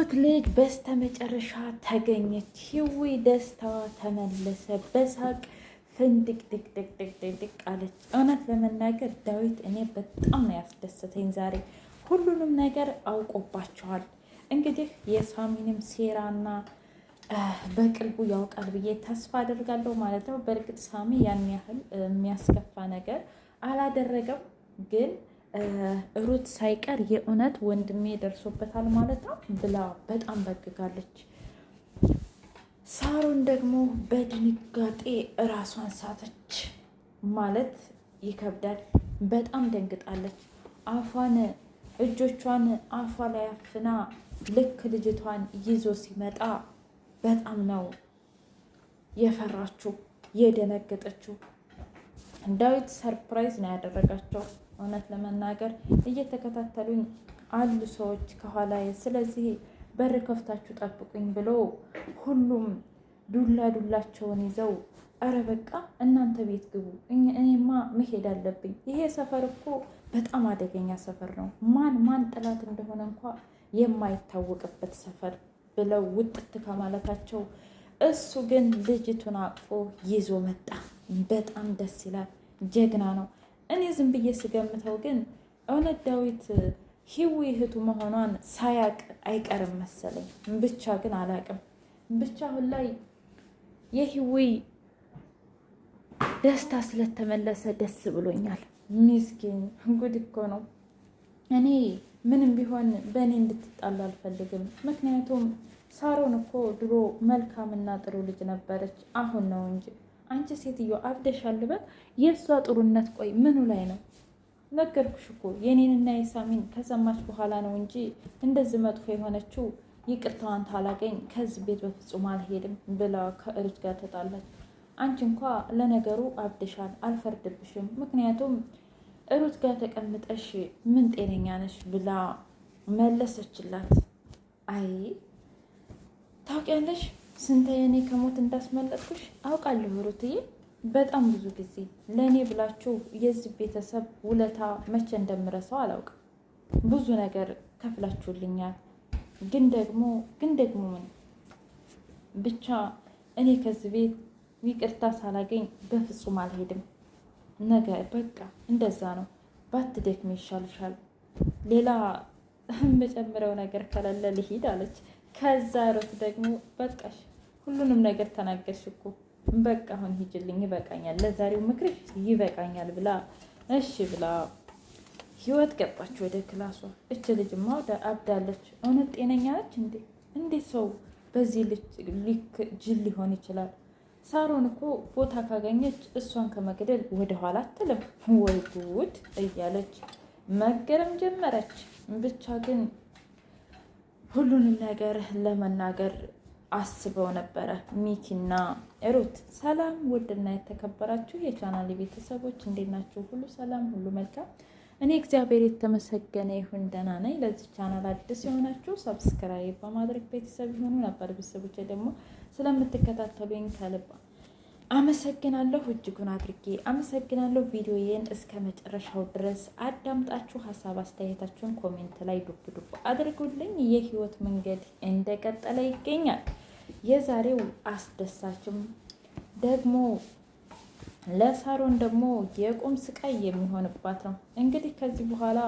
ትሁት ልጅ በስተመጨረሻ ተገኘች። ህዊ ደስታዋ ተመለሰ። በሳቅ ፍንድቅድቅድቅድቅድቅ አለች። እውነት ለመናገር ዳዊት እኔ በጣም ነው ያስደሰተኝ ዛሬ። ሁሉንም ነገር አውቆባቸዋል። እንግዲህ የሳሚንም ሴራና በቅርቡ ያውቃል ብዬ ተስፋ አደርጋለሁ ማለት ነው። በእርግጥ ሳሚ ያን ያህል የሚያስከፋ ነገር አላደረገም ግን ሩት ሳይቀር የእውነት ወንድሜ ደርሶበታል ማለት ነው ብላ በጣም በግጋለች። ሳሩን ደግሞ በድንጋጤ እራሷን ሳተች ማለት ይከብዳል። በጣም ደንግጣለች። አፏን እጆቿን አፏ ላይ አፍና ልክ ልጅቷን ይዞ ሲመጣ በጣም ነው የፈራችው የደነገጠችው። ዳዊት ሰርፕራይዝ ነው ያደረጋቸው። እውነት ለመናገር እየተከታተሉኝ አሉ ሰዎች ከኋላዬ፣ ስለዚህ በር ከፍታችሁ ጠብቁኝ ብሎ ሁሉም ዱላ ዱላቸውን ይዘው አረ በቃ እናንተ ቤት ግቡ፣ እኔማ መሄድ አለብኝ። ይሄ ሰፈር እኮ በጣም አደገኛ ሰፈር ነው። ማን ማን ጥላት እንደሆነ እንኳ የማይታወቅበት ሰፈር ብለው ውጥት ከማለታቸው እሱ ግን ልጅቱን አቅፎ ይዞ መጣ። በጣም ደስ ይላል። ጀግና ነው። እኔ ዝም ብዬ ስገምተው ግን እውነት ዳዊት ሂዊ እህቱ መሆኗን ሳያቅ አይቀርም መሰለኝ። ብቻ ግን አላቅም። ብቻ አሁን ላይ የሂዊ ደስታ ስለተመለሰ ደስ ብሎኛል። ሚስኪን ጉድ እኮ ነው። እኔ ምንም ቢሆን በእኔ እንድትጣላ አልፈልግም። ምክንያቱም ሳሮን እኮ ድሮ መልካምና ጥሩ ልጅ ነበረች። አሁን ነው እንጂ አንቺ ሴትዮ አብደሻል በል። የእሷ ጥሩነት ቆይ ምኑ ላይ ነው? ነገርኩሽ እኮ የኔንና የሳሚን ከሰማች በኋላ ነው እንጂ እንደዚህ መጥፎ የሆነችው። ይቅርታዋን ታላገኝ ከዚህ ቤት በፍጹም አልሄድም ብላ ከእርጅ ጋር ተጣላች። አንቺ እንኳ ለነገሩ አብደሻል፣ አልፈርድብሽም። ምክንያቱም እሩት ጋር ተቀምጠሽ ምን ጤነኛ ነሽ ብላ መለሰችላት። አይ ታውቂያለሽ ስንቴ እኔ ከሞት እንዳስመለጥኩሽ አውቃለሁ ሩትዬ። በጣም ብዙ ጊዜ ለእኔ ብላችሁ የዚህ ቤተሰብ ውለታ መቼ እንደምረሳው አላውቅም። ብዙ ነገር ከፍላችሁልኛል። ግን ደግሞ ግን ደግሞ ምን ብቻ እኔ ከዚህ ቤት ይቅርታ ሳላገኝ በፍጹም አልሄድም። ነገ በቃ እንደዛ ነው። ባትደክም ይሻልሻል። ሌላ የምጨምረው ነገር ከሌለ ልሂድ አለች። ከዛ ሩት ደግሞ በቃሽ ሁሉንም ነገር ተናገርሽ እኮ በቃ አሁን ሂጅልኝ፣ ይበቃኛል፣ ለዛሬው ምክርሽ ይበቃኛል ብላ እሺ ብላ ህይወት ገባች ወደ ክላሷ። እች ልጅማ ወደ አብዳለች። እውነት ጤነኛ ነች እንዴ? እንዴት ሰው በዚህ ልክ ጅል ሊሆን ይችላል? ሳሮን እኮ ቦታ ካገኘች እሷን ከመግደል ወደኋላ አትልም። ወይ ጉድ እያለች መገረም ጀመረች። ብቻ ግን ሁሉንም ነገር ለመናገር አስበው ነበረ። ሚኪና ሩት ሰላም። ውድና የተከበራችሁ የቻናል ቤተሰቦች እንዴት ናችሁ? ሁሉ ሰላም፣ ሁሉ መልካም። እኔ እግዚአብሔር የተመሰገነ ይሁን ደህና ነኝ። ለዚህ ቻናል አዲስ የሆናችሁ ሰብስክራይብ በማድረግ ቤተሰብ የሆኑ ነበር። ቤተሰቦች ደግሞ ስለምትከታተሉኝ ከልባ አመሰግናለሁ። እጅጉን አድርጌ አመሰግናለሁ። ቪዲዮዬን እስከ መጨረሻው ድረስ አዳምጣችሁ ሀሳብ አስተያየታችሁን ኮሜንት ላይ ዱብ ዱብ አድርጉልኝ። የህይወት መንገድ እንደቀጠለ ይገኛል። የዛሬው አስደሳችም ደግሞ ለሳሮን ደግሞ የቁም ስቃይ የሚሆንባት ነው። እንግዲህ ከዚህ በኋላ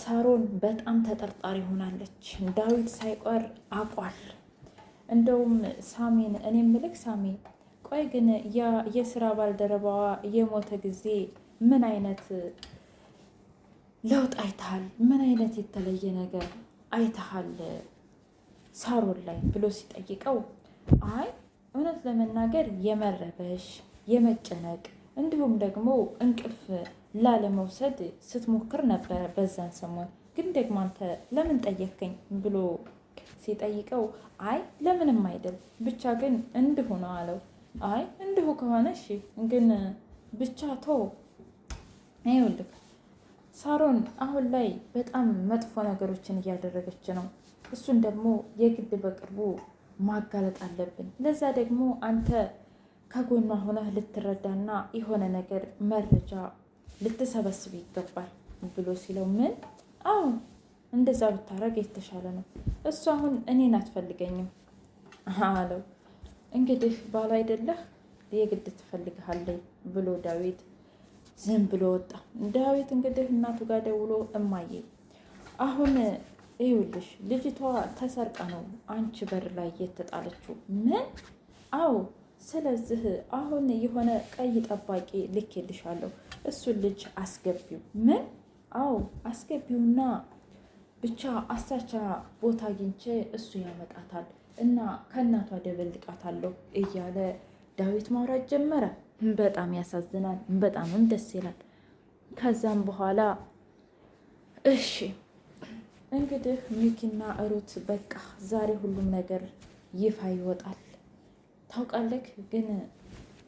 ሳሮን በጣም ተጠርጣሪ ሆናለች። ዳዊት ሳይቀር አቋል። እንደውም ሳሜን እኔ ምልክ ሳሜ፣ ቆይ ግን ያ የስራ ባልደረባዋ የሞተ ጊዜ ምን አይነት ለውጥ አይተሃል? ምን አይነት የተለየ ነገር አይተሃል ሳሮን ላይ ብሎ ሲጠይቀው አይ እውነት ለመናገር የመረበሽ የመጨነቅ እንዲሁም ደግሞ እንቅልፍ ላለመውሰድ ስትሞክር ነበረ በዛን ሰሞን። ግን ደግሞ አንተ ለምን ጠየከኝ ብሎ ሲጠይቀው አይ ለምንም አይደል ብቻ ግን እንዲሁ ነው አለው። አይ እንዲሁ ከሆነ እሺ፣ ግን ብቻ ቶ ይኸውልህ ሳሮን አሁን ላይ በጣም መጥፎ ነገሮችን እያደረገች ነው። እሱን ደግሞ የግድ በቅርቡ ማጋለጥ አለብን። ለዛ ደግሞ አንተ ከጎኗ ሆነህ ልትረዳና የሆነ ነገር መረጃ ልትሰበስብ ይገባል ብሎ ሲለው ምን? አዎ እንደዛ ብታረግ የተሻለ ነው። እሱ አሁን እኔን አትፈልገኝም አለው። እንግዲህ ባል አይደለህ የግድ ትፈልግሃለኝ ብሎ ዳዊት ዝም ብሎ ወጣ። ዳዊት እንግዲህ እናቱ ጋር ደውሎ እማዬ አሁን ይኸውልሽ ልጅቷ ተሰርቃ ነው አንቺ በር ላይ የተጣለችው። ምን? አዎ። ስለዚህ አሁን የሆነ ቀይ ጠባቂ ልኬልሻለሁ፣ እሱን ልጅ አስገቢው። ምን? አዎ አስገቢውና ብቻ አሳቻ ቦታ አግኝቼ እሱ ያመጣታል እና ከእናቷ ደበልቃታለሁ እያለ ዳዊት ማውራት ጀመረ። በጣም ያሳዝናል፣ በጣምም ደስ ይላል። ከዛም በኋላ እሺ እንግዲህ ሚኪና ሩት በቃ ዛሬ ሁሉም ነገር ይፋ ይወጣል። ታውቃለህ ግን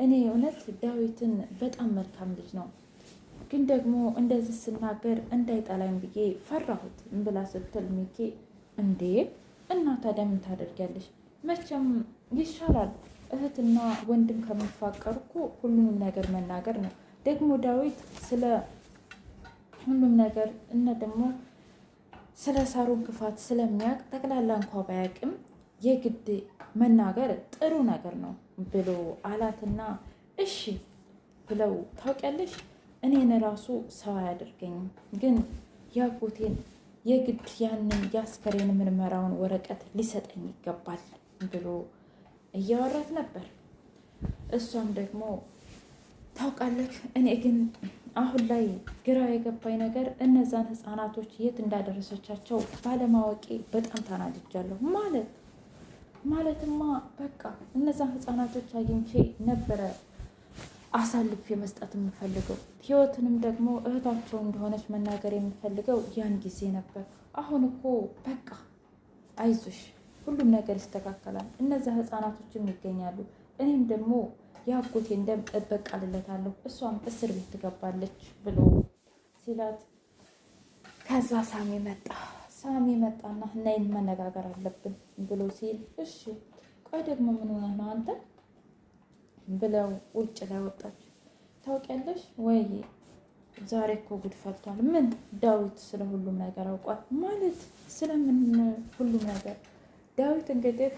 እኔ እውነት ዳዊትን በጣም መልካም ልጅ ነው፣ ግን ደግሞ እንደዚህ ስናገር እንዳይጠላኝ ብዬ ፈራሁት ብላ ስትል ሚኪ እንዴ እና ታዲያ ምን ታደርጊያለሽ? መቼም ይሻላል እህትና ወንድም ከሚፋቀር እኮ ሁሉንም ነገር መናገር ነው። ደግሞ ዳዊት ስለ ሁሉም ነገር እና ደግሞ ስለ ሳሩን ክፋት ስለሚያውቅ ጠቅላላ እንኳ ባያውቅም የግድ መናገር ጥሩ ነገር ነው ብሎ አላትና እሺ ብለው ታውቂያለሽ፣ እኔን ራሱ ሰው አያደርገኝም፣ ግን ያጎቴን የግድ ያንን የአስከሬን ምርመራውን ወረቀት ሊሰጠኝ ይገባል ብሎ እያወራት ነበር። እሷም ደግሞ ታውቃለህ፣ እኔ ግን አሁን ላይ ግራ የገባኝ ነገር እነዛን ህፃናቶች የት እንዳደረሰቻቸው ባለማወቄ በጣም ታናድጃለሁ። ማለት ማለትማ በቃ እነዛን ህፃናቶች አግኝቼ ነበረ አሳልፍ የመስጠት የምፈልገው ህይወትንም ደግሞ እህታቸው እንደሆነች መናገር የምፈልገው ያን ጊዜ ነበር። አሁን እኮ በቃ አይዞሽ፣ ሁሉም ነገር ይስተካከላል። እነዛ ህፃናቶችም ይገኛሉ። እኔም ደግሞ የአጎቴን ደም እበቀልለታለሁ እሷም እስር ቤት ትገባለች ብሎ ሲላት፣ ከዛ ሳሚ መጣ። ሳሚ መጣና ነይን መነጋገር አለብን ብሎ ሲል፣ እሺ ቆይ ደግሞ ምን ሆነህ ነው አንተ ብለው ውጭ ላይ ወጣች። ታውቂያለሽ ወይ ዛሬ እኮ ጉድ ፈልቷል። ምን ዳዊት ስለ ሁሉም ነገር አውቋል ማለት ስለምን ሁሉም ነገር ዳዊት እንግዲህ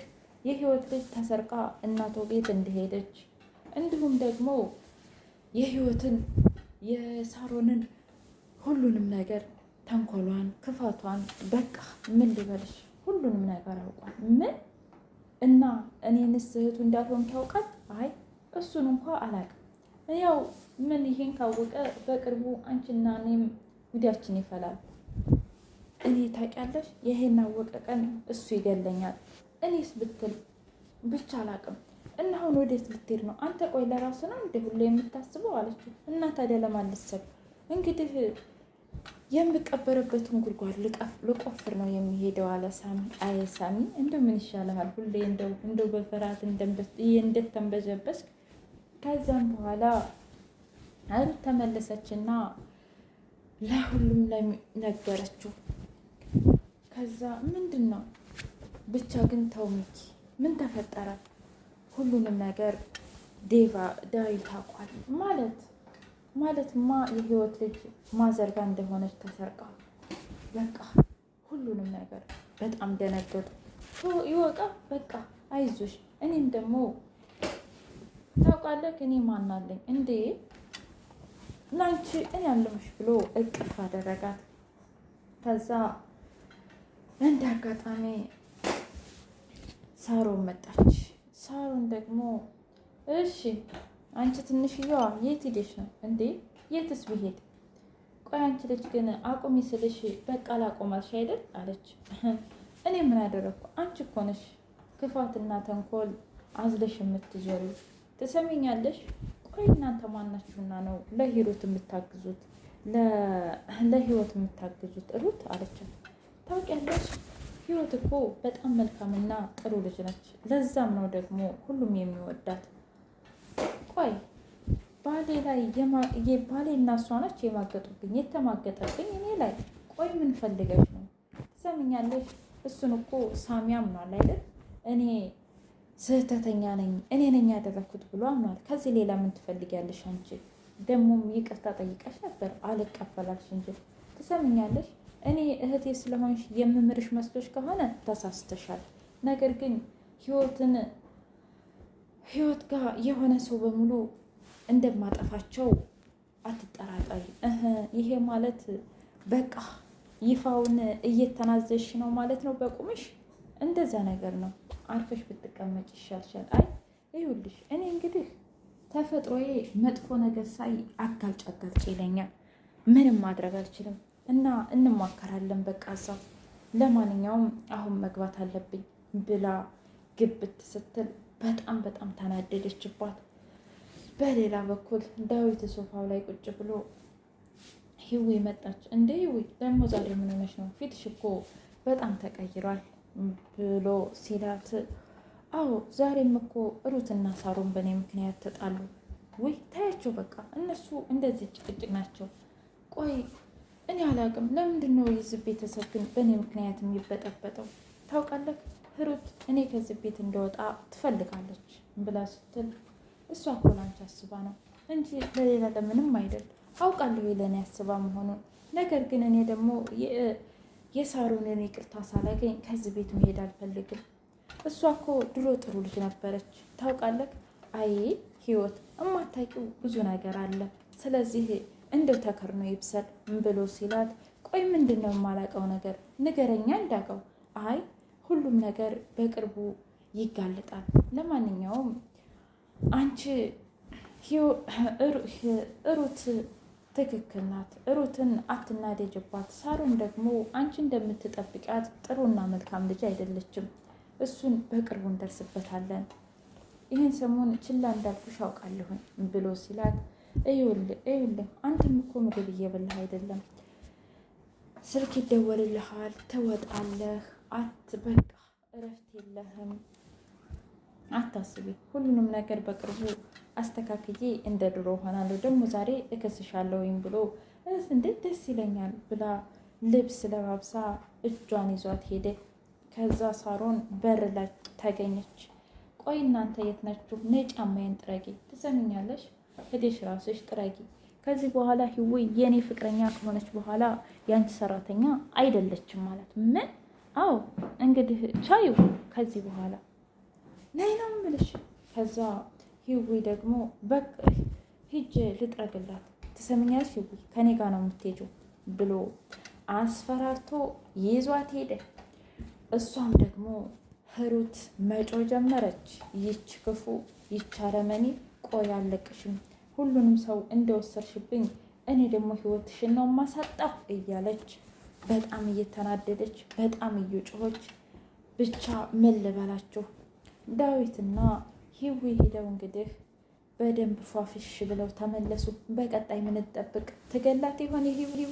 የህይወት ልጅ ተሰርቃ እናቶ ቤት እንደሄደች እንዲሁም ደግሞ የህይወትን የሳሮንን ሁሉንም ነገር ተንኮሏን፣ ክፋቷን በቃ ምን ልበልሽ ሁሉንም ነገር አውቋል። ምን እና እኔንስ እህቱ እንዳልሆንክ ያውቃል? አይ እሱን እንኳ አላውቅም። ያው ምን ይሄን ካወቀ በቅርቡ አንቺና እኔም ጉዳያችን ይፈላል። እኔ ታውቂያለሽ፣ ይሄን አወቀ ቀን እሱ ይገለኛል። እኔስ ብትል ብቻ አላውቅም እና አሁን ወዴት ልትሄድ ነው አንተ? ቆይ ለራሱ ነው እንደ ሁሉ የምታስበው አለችው። እና ታዲያ ለማን ልሰብ? እንግዲህ የምቀበረበትን ጉድጓድ ልቆፍር ነው የሚሄደው አለ ሳሚ። አይ ሳሚ፣ እንደው ምን ይሻልሃል? ሁሌ እንደው እንደው በፍርሃት ከዛም በኋላ አይ ተመለሰችና ለሁሉም ነገረችው። ከዛ ምንድን ነው ብቻ ግን ተው ሚኪ፣ ምን ተፈጠረ? ሁሉንም ነገር ዴቫ ዳዊት ታውቋል። ማለት ማለት ማ የህይወት ልጅ ማዘርጋ እንደሆነች ተሰርቃ በቃ ሁሉንም ነገር በጣም ደነገጡ። ይወቃ በቃ አይዞሽ። እኔም ደግሞ ታውቃለህ፣ እኔ ማናለኝ እንዴ ላንቺ እኔ አለምሽ ብሎ እቅፍ አደረጋት። ከዛ እንደ አጋጣሚ ሳሮ መጣች። ሳሩን ደግሞ እሺ አንቺ ትንሽዬዋ የት ሄደሽ ነው እንዴ? የትስ ብሄድ? ቆይ አንቺ ልጅ ግን አቁሚ ስልሽ በቃ ላቆማልሽ አይደል አለች። እኔ ምን አደረግኩ? አንቺ እኮ ነሽ ክፋትና ተንኮል አዝለሽ የምትዞሪ ትሰሚኛለሽ? ቆይ እናንተ ማናችሁና ነው ለሂሩት የምታግዙት ለህይወት የምታግዙት ሩት አለቻት። ታውቂያለሽ ህይወት እኮ በጣም መልካምና ጥሩ ልጅ ነች። ለዛም ነው ደግሞ ሁሉም የሚወዳት። ቆይ ባሌ ላይ ባሌ እና እሷ ነች የማገጡብኝ የተማገጠብኝ እኔ ላይ። ቆይ ምን ፈልገሽ ነው? ትሰምኛለሽ? እሱን እኮ ሳሚ አምኗል አይደል? እኔ ስህተተኛ ነኝ እኔ ነኝ ያደረግኩት ብሎ አምኗል። ከዚህ ሌላ ምን ትፈልጊያለሽ አንቺ? ደግሞም ይቅርታ ጠይቀሽ ነበር አልቀበላልሽ እንጂ ትሰምኛለሽ እኔ እህቴ ስለሆንሽ የምምርሽ መስሎች ከሆነ ተሳስተሻል። ነገር ግን ህይወትን ህይወት ጋር የሆነ ሰው በሙሉ እንደማጠፋቸው አትጠራጠሪ። ይሄ ማለት በቃ ይፋውን እየተናዘሽ ነው ማለት ነው በቁምሽ። እንደዛ ነገር ነው። አርፈሽ ብትቀመጭ ይሻልሻል። አይ ይሁልሽ። እኔ እንግዲህ ተፈጥሮዬ መጥፎ ነገር ሳይ አጋልጭ አጋልጭ ይለኛል። ምንም ማድረግ አልችልም። እና እንማከራለን በቃ እዛው ለማንኛውም አሁን መግባት አለብኝ ብላ ግብት ስትል በጣም በጣም ተናደደችባት። በሌላ በኩል ዳዊት ሶፋው ላይ ቁጭ ብሎ ህዊ መጣች። እንደ ህዊ ደግሞ ዛሬ ምን ሆነሽ ነው? ፊትሽ እኮ በጣም ተቀይሯል ብሎ ሲላት፣ አዎ ዛሬም እኮ ሩትና ሳሮን በእኔ ምክንያት ተጣሉ። ውይ ታያቸው በቃ እነሱ እንደዚህ ጭቅጭቅ ናቸው። ቆይ እኔ አላውቅም። ለምንድን ነው የዚህ ቤተሰብ ግን በእኔ ምክንያት የሚበጠበጠው? ታውቃለህ ህሩት እኔ ከዚህ ቤት እንደወጣ ትፈልጋለች ብላ ስትል እሷ እኮ ላንቺ አስባ ነው እንጂ ለሌላ ለምንም አይደል። አውቃለሁ ለእኔ አስባ መሆኑን። ነገር ግን እኔ ደግሞ የሳሩንን ይቅርታ ሳላገኝ ከዚህ ቤት መሄድ አልፈልግም። እሷ እኮ ድሮ ጥሩ ልጅ ነበረች ታውቃለህ። አይ ህይወት፣ እማታውቂው ብዙ ነገር አለ። ስለዚህ እንደው ተከርኖ ይብሰል ብሎ ሲላት፣ ቆይ ምንድን ነው የማላውቀው ነገር ንገረኛ እንዳውቀው። አይ ሁሉም ነገር በቅርቡ ይጋለጣል። ለማንኛውም አንቺ ሩት ትክክል ናት። ሩትን አትናደጅባት። ሳሮን ደግሞ አንቺ እንደምትጠብቂያት ጥሩና መልካም ልጅ አይደለችም። እሱን በቅርቡ እንደርስበታለን። ይህን ሰሞን ችላ እንዳልኩሽ አውቃለሁኝ ብሎ ሲላት ይኸውልህ አንተም እኮ ምግብ እየበላህ አይደለም። ስልክ ይደወልልሃል፣ ትወጣለህ፣ አት በቃ እረፍት የለህም። አታስቢ፣ ሁሉንም ነገር በቅርቡ አስተካክዬ እንደ ድሮ ሆናለሁ። ደግሞ ዛሬ እከስሻለሁኝ ብሎ እንዴት ደስ ይለኛል ብላ ልብስ ለባብሳ እጇን ይዟት ሄደ። ከዛ ሳሮን በር ላይ ተገኘች። ቆይ እናንተ የት ናችሁ? ነይ ጫማዬን ጥረጊ። ትሰምኛለሽ? ሄደሽ ራስሽ ጥረጊ። ከዚህ በኋላ ህውይ የኔ ፍቅረኛ ከሆነች በኋላ ያንቺ ሰራተኛ አይደለችም ማለት ምን? አዎ እንግዲህ ቻዩ ከዚህ በኋላ ነይ ነው የምልሽ። ከዛ ህውይ ደግሞ በቃ ሂጅ ልጥረግላት፣ ትሰምኛለሽ? ህውይ ከኔ ጋር ነው የምትሄጂው ብሎ አስፈራርቶ ይዟት ሄደ። እሷም ደግሞ ህሩት መጮ ጀመረች። ይች ክፉ ይች አረመኔ ቆይ አለቅሽም፣ ሁሉንም ሰው እንደወሰርሽብኝ እኔ ደግሞ ህይወትሽን ነው ማሳጣው እያለች በጣም እየተናደደች በጣም እየጮኸች ብቻ ምን ልበላችሁ ዳዊትና ሂዊ ሂደው እንግዲህ በደንብ ፏፍሽ ብለው ተመለሱ። በቀጣይ ምንጠብቅ ትገላት ይሆን?